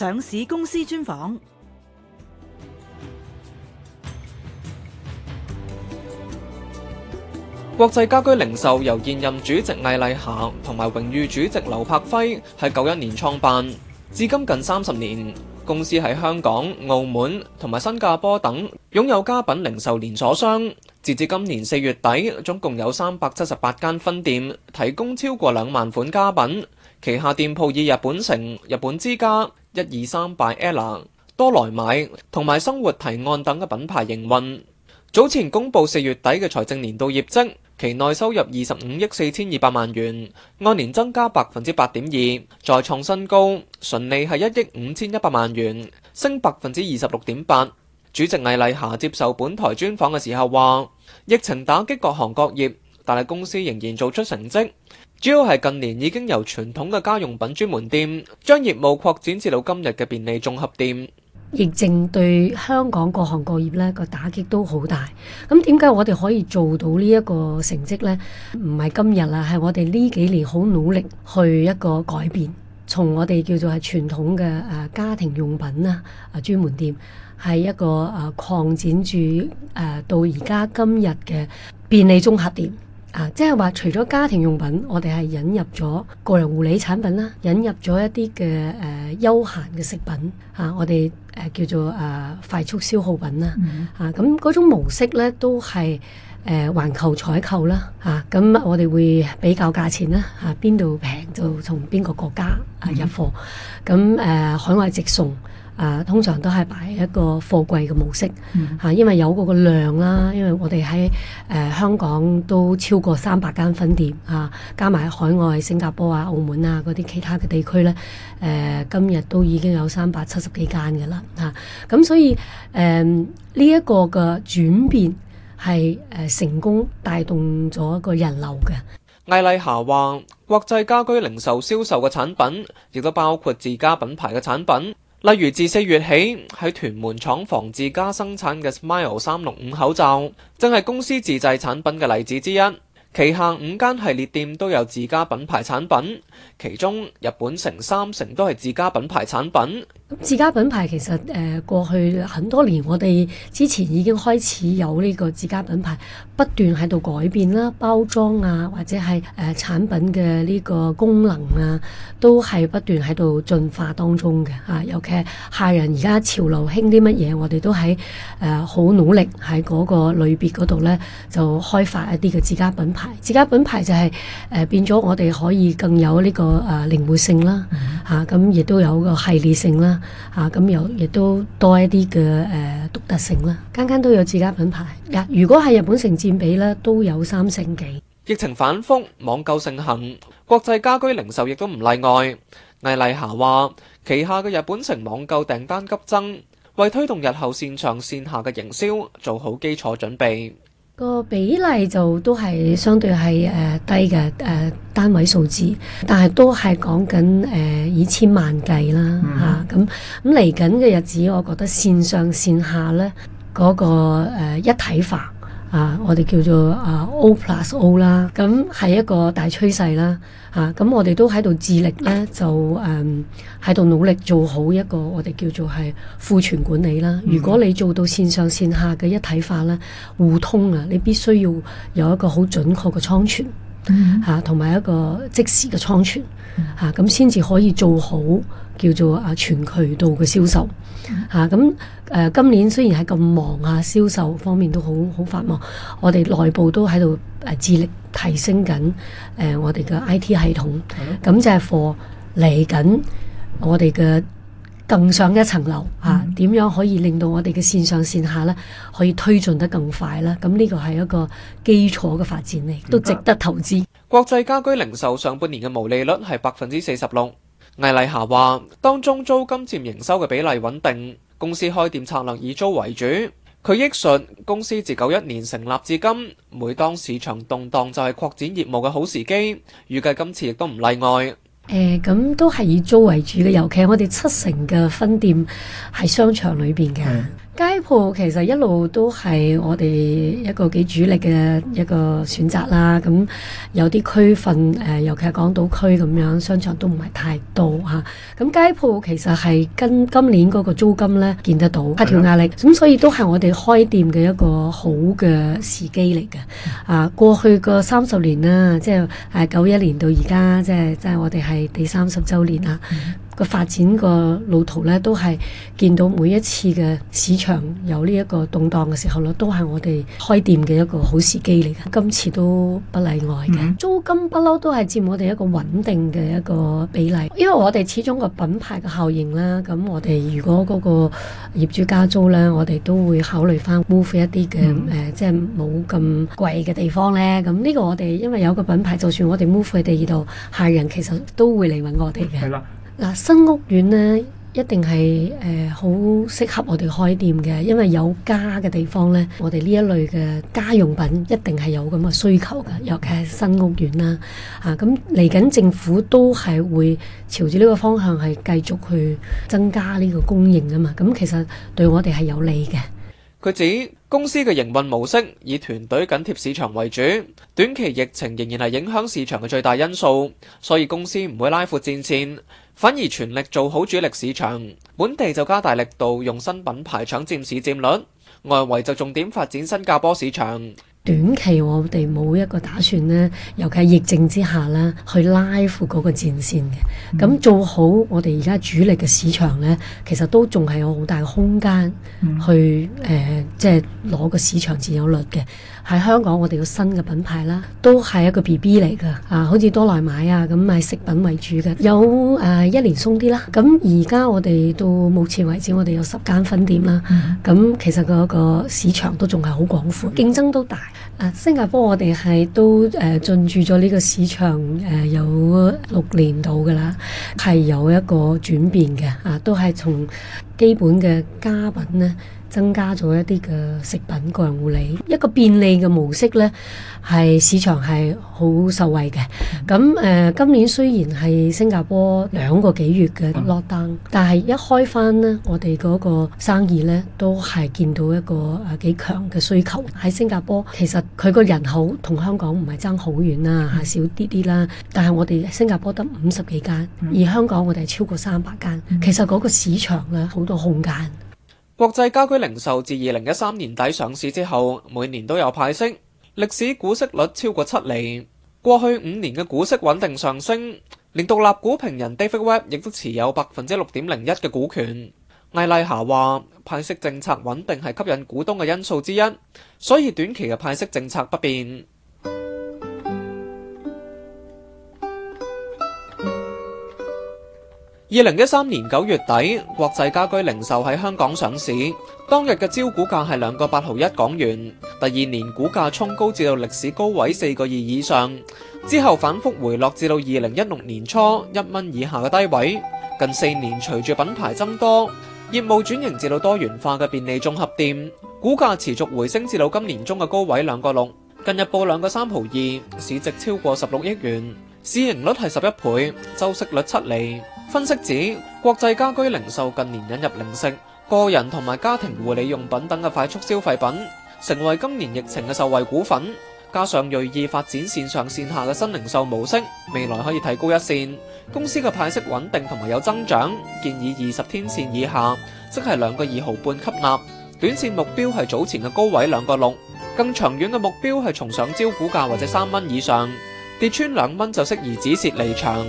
上市公司專訪，國際家居零售由現任主席魏麗霞同埋榮譽主席劉柏輝喺九一年創辦，至今近三十年。公司喺香港、澳門同埋新加坡等擁有家品零售連鎖商。截至今年四月底，總共有三百七十八間分店，提供超過兩萬款家品。旗下店鋪以日本城、日本之家、一二三 by ELLA 多來買、同埋生活提案等嘅品牌營運，早前公布四月底嘅財政年度業績，期內收入二十五億四千二百萬元，按年增加百分之八點二，再創新高，純利係一億五千一百萬元，升百分之二十六點八。主席魏麗霞接受本台專訪嘅時候話，疫情打擊各行各業。但係公司仍然做出成績，主要係近年已經由傳統嘅家用品專門店，將業務擴展至到今日嘅便利綜合店。疫症對香港各行各業呢個打擊都好大，咁點解我哋可以做到呢一個成績呢？唔係今日啦，係我哋呢幾年好努力去一個改變，從我哋叫做係傳統嘅誒家庭用品呀誒專門店，係一個誒擴展住誒到而家今日嘅便利綜合店。啊，即係話除咗家庭用品，我哋係引入咗個人護理產品啦，引入咗一啲嘅誒休閒嘅食品啊，我哋誒、啊、叫做啊快速消耗品啦，啊咁嗰種模式咧都係誒環球採購啦，啊咁我哋會比較價錢啦，啊邊度平就從邊個國家啊入貨，咁誒、嗯啊、海外直送。誒、啊、通常都係擺一個貨櫃嘅模式嚇、啊，因為有嗰個量啦。因為我哋喺誒香港都超過三百間分店嚇、啊，加埋海外新加坡啊、澳門啊嗰啲其他嘅地區咧，誒、呃、今日都已經有三百七十幾間嘅啦嚇。咁、啊、所以誒呢一個嘅轉變係誒成功帶動咗一個人流嘅。魏麗霞話：國際家居零售銷售嘅產品，亦都包括自家品牌嘅產品。例如自四月起喺屯門廠房自家生產嘅 Smile 三六五口罩，正係公司自製產品嘅例子之一。旗下五間系列店都有自家品牌產品，其中日本城三成都係自家品牌產品。自家品牌其實誒、呃、過去很多年，我哋之前已經開始有呢個自家品牌，不斷喺度改變啦，包裝啊或者係誒、呃、產品嘅呢個功能啊，都係不斷喺度進化當中嘅吓、啊。尤其係客人而家潮流興啲乜嘢，我哋都喺誒好努力喺嗰個類別嗰度咧，就開發一啲嘅自家品牌。自家品牌就係、是、誒、呃、變咗我哋可以更有呢、這個誒呃、靈活性啦。Mm hmm. 啊，咁亦都有個系列性啦，啊，咁有亦都多一啲嘅誒獨特性啦，間間都有自家品牌。嗱，如果係日本城佔比咧，都有三成幾。疫情反覆，網購盛行，國際家居零售亦都唔例外。魏麗霞話：旗下嘅日本城網購訂單急增，為推動日後線上線下嘅營銷做好基礎準備。個比例就都係相對係誒低嘅誒、呃、單位數字，但係都係講緊誒以千萬計啦吓。咁咁嚟緊嘅日子，我覺得線上線下咧嗰、那個誒、呃、一體化。啊，我哋叫做啊 O plus O 啦、uh, uh, uh, mm，咁係一個大趨勢啦。嚇，咁我哋都喺度致力咧，就誒喺度努力做好一個我哋叫做係庫存管理啦。如果你做到線上線下嘅一體化咧，互通啊，你必須要有一個好準確嘅倉存。吓，同埋、mm hmm. 一個即時嘅倉存吓，咁先至可以做好叫做啊全渠道嘅銷售吓。咁、啊、誒、啊，今年雖然係咁忙啊，銷售方面都好好繁忙，我哋內部都喺度誒致力提升緊誒、呃、我哋嘅 IT 系統，咁、mm hmm. 嗯、就係貨嚟緊我哋嘅。更上一層樓啊！點樣可以令到我哋嘅線上線下咧，可以推進得更快咧？咁呢個係一個基礎嘅發展嚟，都值得投資。國際家居零售上半年嘅毛利率係百分之四十六。魏麗霞話：當中租金佔營收嘅比例穩定，公司開店策略以租為主。佢憶述公司自九一年成立至今，每當市場動盪就係擴展業務嘅好時機，預計今次亦都唔例外。誒，咁、欸、都係以租為主嘅，尤其係我哋七成嘅分店喺商場裏邊嘅。嗯街鋪其實一路都係我哋一個幾主力嘅一個選擇啦，咁有啲區份誒、呃，尤其係港島區咁樣，商場都唔係太多吓，咁、啊、街鋪其實係跟今年嗰個租金咧見得到下調壓力，咁的所以都係我哋開店嘅一個好嘅時機嚟嘅。啊，過去個三十年啦，即係誒九一年到而家，即係即係我哋係第三十周年啦。嗯個發展個路途咧，都係見到每一次嘅市場有呢一個動盪嘅時候咧，都係我哋開店嘅一個好時機嚟嘅。今次都不例外嘅，嗯、租金不嬲都係佔我哋一個穩定嘅一個比例。因為我哋始終個品牌嘅效應啦，咁我哋如果嗰個業主加租咧，我哋都會考慮翻 move 一啲嘅，誒、嗯呃，即係冇咁貴嘅地方咧。咁呢個我哋因為有個品牌，就算我哋 move 喺第二度，客人其實都會嚟搵我哋嘅。嗱，新屋苑咧，一定係誒好適合我哋開店嘅，因為有家嘅地方咧，我哋呢一類嘅家用品一定係有咁嘅需求嘅，尤其係新屋苑啦。吓，咁嚟緊政府都係會朝住呢個方向係繼續去增加呢個供應啊嘛，咁、嗯、其實對我哋係有利嘅。佢指。公司嘅營運模式以團隊緊貼市場為主，短期疫情仍然係影響市場嘅最大因素，所以公司唔會拉闊戰線，反而全力做好主力市場。本地就加大力度用新品牌搶佔市佔率，外圍就重點發展新加坡市場。短期我哋冇一個打算咧，尤其係疫症之下咧，去拉闊嗰個戰線嘅。咁、嗯、做好我哋而家主力嘅市場咧，其實都仲係有好大嘅空間去誒、嗯呃，即係攞個市場佔有率嘅。喺香港我哋有新嘅品牌啦，都係一個 B B 嚟噶啊，好似多來買啊，咁買食品為主嘅。有誒、呃，一年鬆啲啦。咁而家我哋到目前為止，我哋有十間分店啦。咁、嗯、其實嗰個市場都仲係好廣闊，競爭都大。啊，新加坡我哋係都誒進駐咗呢個市場誒，有六年到噶啦，係有一個轉變嘅啊，都係從基本嘅家品咧。增加咗一啲嘅食品，個人護理，一個便利嘅模式咧，係市場係好受惠嘅。咁誒、呃，今年雖然係新加坡兩個幾月嘅 lock down，但係一開翻咧，我哋嗰個生意咧都係見到一個誒幾、呃、強嘅需求。喺新加坡其實佢個人口同香港唔係爭好遠啦，吓少啲啲啦。但係我哋新加坡得五十幾間，而香港我哋超過三百間，嗯、其實嗰個市場咧好多空間。國際家居零售自二零一三年底上市之後，每年都有派息，歷史股息率超過七厘。過去五年嘅股息穩定上升，連獨立股評人 David Webb 亦都持有百分之六點零一嘅股權。魏麗霞話：派息政策穩定係吸引股東嘅因素之一，所以短期嘅派息政策不變。二零一三年九月底，國際家居零售喺香港上市，當日嘅招股價係兩個八毫一港元。第二年股價沖高至到歷史高位四個二以上，之後反覆回落至到二零一六年初一蚊以下嘅低位。近四年隨住品牌增多，業務轉型至到多元化嘅便利綜合店，股價持續回升至到今年中嘅高位兩個六。近日報兩個三毫二，市值超過十六億元，市盈率係十一倍，週息率七厘。分析指，國際家居零售近年引入零食、個人同埋家庭護理用品等嘅快速消費品，成為今年疫情嘅受惠股份。加上鋭意發展線上線下嘅新零售模式，未來可以提高一線。公司嘅派息穩定同埋有增長。建議二十天線以下，即係兩個二毫半吸納，短線目標係早前嘅高位兩個六，更長遠嘅目標係從上招股價或者三蚊以上。跌穿兩蚊就適宜止蝕離場。